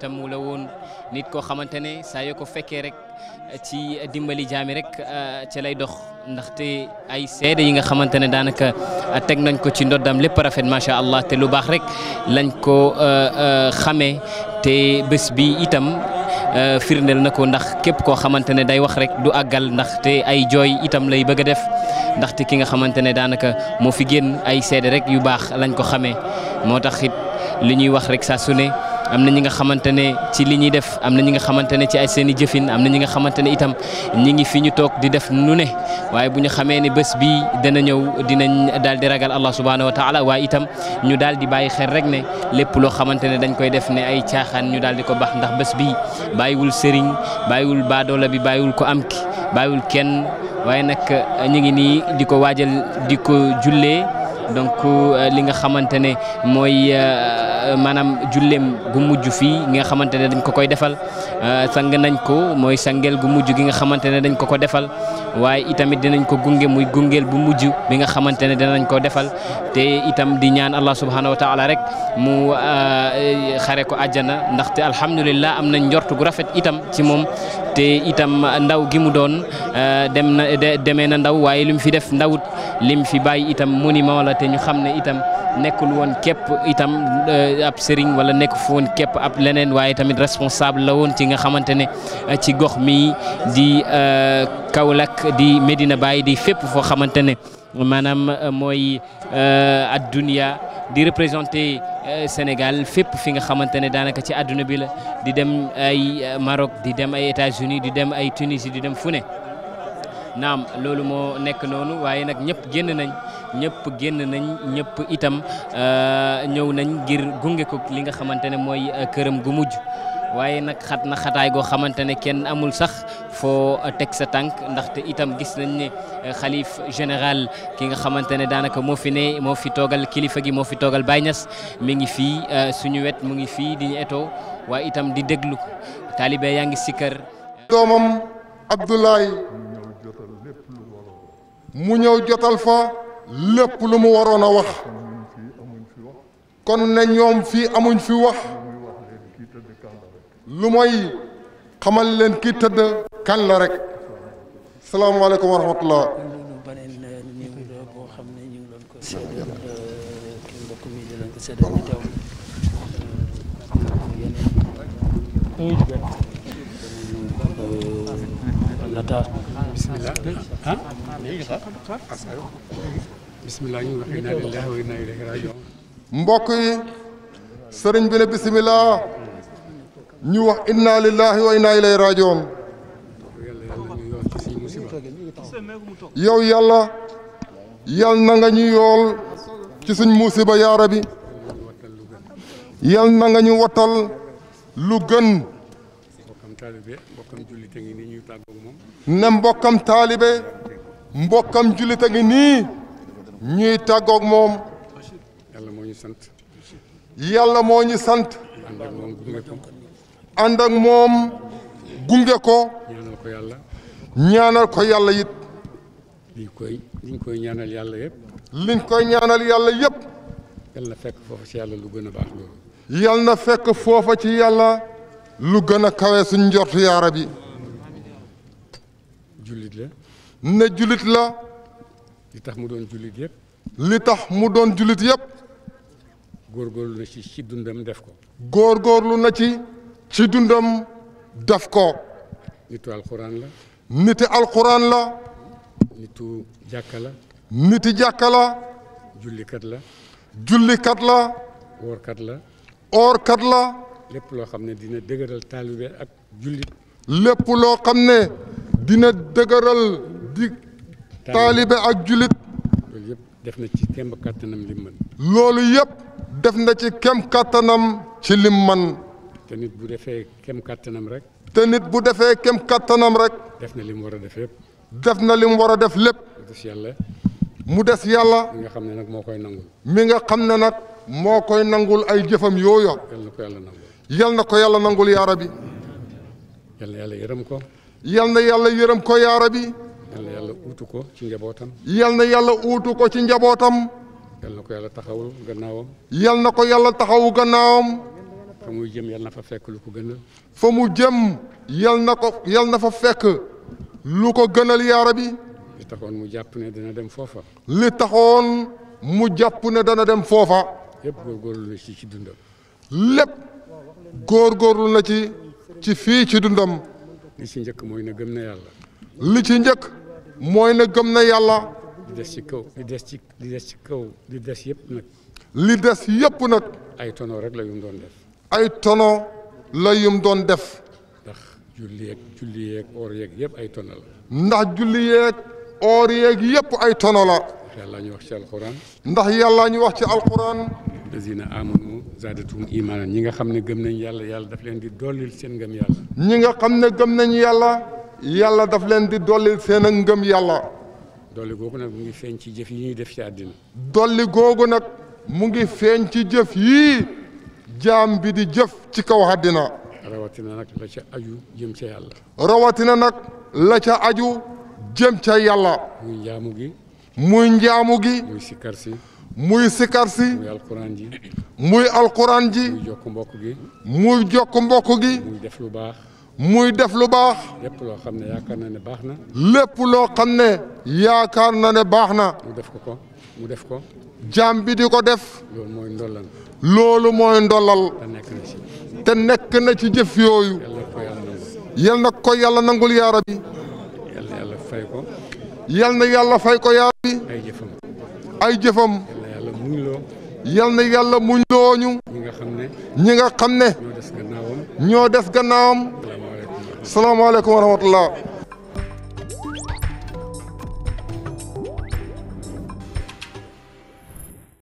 itam mu la woon nit koo xamante ne saa yoo ko fekkee rek ci dimbali jaami rek euh, ci lay dox ndaxte ay seede yi nga xamante ne daanaka teg nañ ko ci ndoddam lépp rafet macha allah te lu baax rek lañ ko euh, euh, xamee te bés bi itam. firndeel na ko ndax képp koo xamante ne day wax rek du àggal ndaxte ay jooy itam lay bëgg a def ndaxte ki nga xamante ne daanaka moo fi génn ay seede rek yu baax lañ ko xamee moo tax it li ñuy wax rek saa am na ñi nga xamante ne ci li ñuy def am na ñi nga xamante ne ci ay seen i jëfin am na ñi nga xamante ne itam ñi ngi fi ñu toog di def nu ne waaye bu ñu xamee ne bés bii dana ñëw dinañ daal di ragal Allah subhanahu wa taala waaye itam ñu daal di bàyyi xel rek ne lépp loo xamante ne dañ koy def ne ay caaxaan ñu daal di ko baax ndax bés bi bàyyiwul sëriñ bàyyiwul baadoola bi bàyyiwul ko am ki bàyyiwul kenn waaye nag ñu ngi nii di ko waajal di ko jullee donc euh, li nga xamante ne mooy euh, Euh, maanaam julleem gu mujj fii nga xamante ne dañ ko koy defal euh, sang nañ ko mooy sangeel gu mujj gi nga xamante ne dañ ko ko defal waaye itamit dinañ ko gunge muy gungeel bu mujj bi nga xamante ne dinañ ko defal te itam di ñaan allah subhanahu wa taala rek mu euh, xare ko àjjana ndaxte alhamdulillah am na njort gu rafet itam ci moom te itam ndaw gi mu doon dem na demee na ndaw waaye lim fi def ndawut lim fi bàyyi itam monument la te ñu xam ne itam nekkul woon képp itam euh, ab sëriñ wala nekk fu woon képp ab leneen waaye tamit responsable la woon ci nga xamante ne euh, ci gox mi di euh, Kaolack di Medina Baye di fépp foo xamante ne maanaam mooy addunia di représenter Sénégal fépp fi nga xamante ne daanaka ci àdduna bi la di dem ay Maroc di dem ay États-Unis di dem ay Tunisie di dem fu ne naam loolu moo nekk noonu waaye nag ñëpp génn nañ ñëpp génn nañ ñëpp itam euh, ñëw nañ ngir gunge ko li nga xamante ne mooy euh, këram gu mujj waaye nag xat na xataay goo xamante ne kenn amul sax foo euh, teg sa tànk ndaxte itam gis nañ ne xalif général ki nga xamante ne daanaka moo fi ne moo fi toogal kilifa gi moo fi toogal Baye Niass mi ngi fii suñu wet mu ngi fii di ñu etoo waaye itam di déglu taalibe yaa ngi sikkër doomam Abdoulaye mu ñëw jotal fa lépp lu mu waroon a wax kon ne ñoom fii amuñ fi wax lu mooy xamal leen kii tëdd kan la rek salaamaaleykum wa rahmatullah lata bismillah ñu wax inna lillahi wa inna ilayhi rajiun mbokk yi wax inna lillahi wa inna ilayhi rajiun yow yàlla yal na ñu yool ci suñ musiba yaa rabbi yal na ñu wattal lu taalibe mbokkam jullit a ngi nii ñuy tàggoog moom. ne mbokkam taalibe mbokkam jullit a ngi nii ñuy tàggoog moom. yàlla moo ñu sant. yàlla moo ñu sant. ànd moom gunge ko. ñaanal ko yàlla. ñaanal ko yàlla it. liñ koy liñ koy ñaanal yàlla yëpp. liñ koy ñaanal yàlla yëpp. yal na fekk foofa ci yàlla lu gën a lu gën a kawe suñ njortu yaa Rabbi jullit la ne jullit la li tax mu doon jullit yëpp li tax mu doon jullit yëpp góorgóorlu na ci ci dundam def ko góor góorgóorlu na ci ci dundam def ko nitu alxuraan la niti la nitu jàkka la niti jàkka la jullikat la jullikat la woorkat la oorkat la lépp loo xam ne dina dëgëral taalibe ak jullit. lépp loo xam ne dina dëgëral di. taalibe ak jullit. loolu yëpp def na ci kem kattanam lim man. loolu yëpp def na ci kem kattanam ci lim man. te nit bu defee kem kàttanam rek. te nit bu defee kem kattanam rek. def na li mu war a def lépp. def na li mu war a def lépp. mu des yàlla. mu des yàlla. nga xam ne nag moo koy nangul. mi nga xam ne nag moo koy nangul ay jëfam yooyu. yal ko yàlla nangul. yal na ko yàlla nangul yaa rabbi yal na yàlla yërëm ko yal na yàlla ko uutu ko ci njabootam yal na yàlla uutu ko ci njabootam yal yàlla taxawul gannaawam yal na ko yàlla taxawu gannaawam fa muy jëm yal na fa fekk lu ko gënal fa mu jëm yal na ko yal na fa fekk lu ko gënal yaa rabbi li taxoon mu jàpp ne dana dem foofa li taxoon mu jàpp ne dana dem foofa yëpp góorgóorlu na ci ci dundam lépp góor góorgóorlu na ci ci fii ci dundam. li ci njëkk mooy na gëm na yàlla. li ci njëkk mooy na gëm na yàlla. li des ci kaw li des ci li des ci kaw li des yëpp nag. li des yëpp nag. ay tono rek la yum doon def. ay tono la yum doon def. ndax julli yeeg julli yeeg oor yeeg yëpp ay tono la. ndax julli yéeg oor yeeg yëpp ay tono la. yàlla ñu wax ci alquran. ndax yàlla ñu wax ci alquran. zaadatum imaana ñi nga xam ne gëm nañ yàlla yàlla daf leen di dollil seen ngëm yàlla. ñi nga xam ne gëm nañ yàlla yàlla daf leen di dollil seen ak ngëm yàlla. dolli googu nag mu ngi feeñ ci jëf yi ñuy def ci àddina. dolli googu nag mu ngi feeñ ci jëf yii jaam bi di jëf ci kaw àddina. rawatina nag la ca aju jëm ca yàlla. rawatina nag la ca aju jëm ca yàlla. muy njaamu gi. muy njaamu gi. si. muy sikar si. muy alquran ji. muy alquran ji. muy jokk mbokk gi. muy jokk mbokk gi. def lu baax. muy def lu baax. lépp loo xam ne yaakaar na ne baax na. lépp loo xam ne. yaakaar na ne baax na. mu def ko ko mu def ko. jaam bi di ko def. loolu mooy ndollal. loolu mooy ndollal. te nekk na ci. jëf yooyu. yal na ko yàlla nangul yaa rabbi. yal na yàlla fay ko. yal ay jëfam. yal na yàlla mu loo ñu. ñi nga xam ne. ñi nga xam ne. ñoo des gannaawam. ñoo des gannaawam. salaamaaleykum wa rahmatullah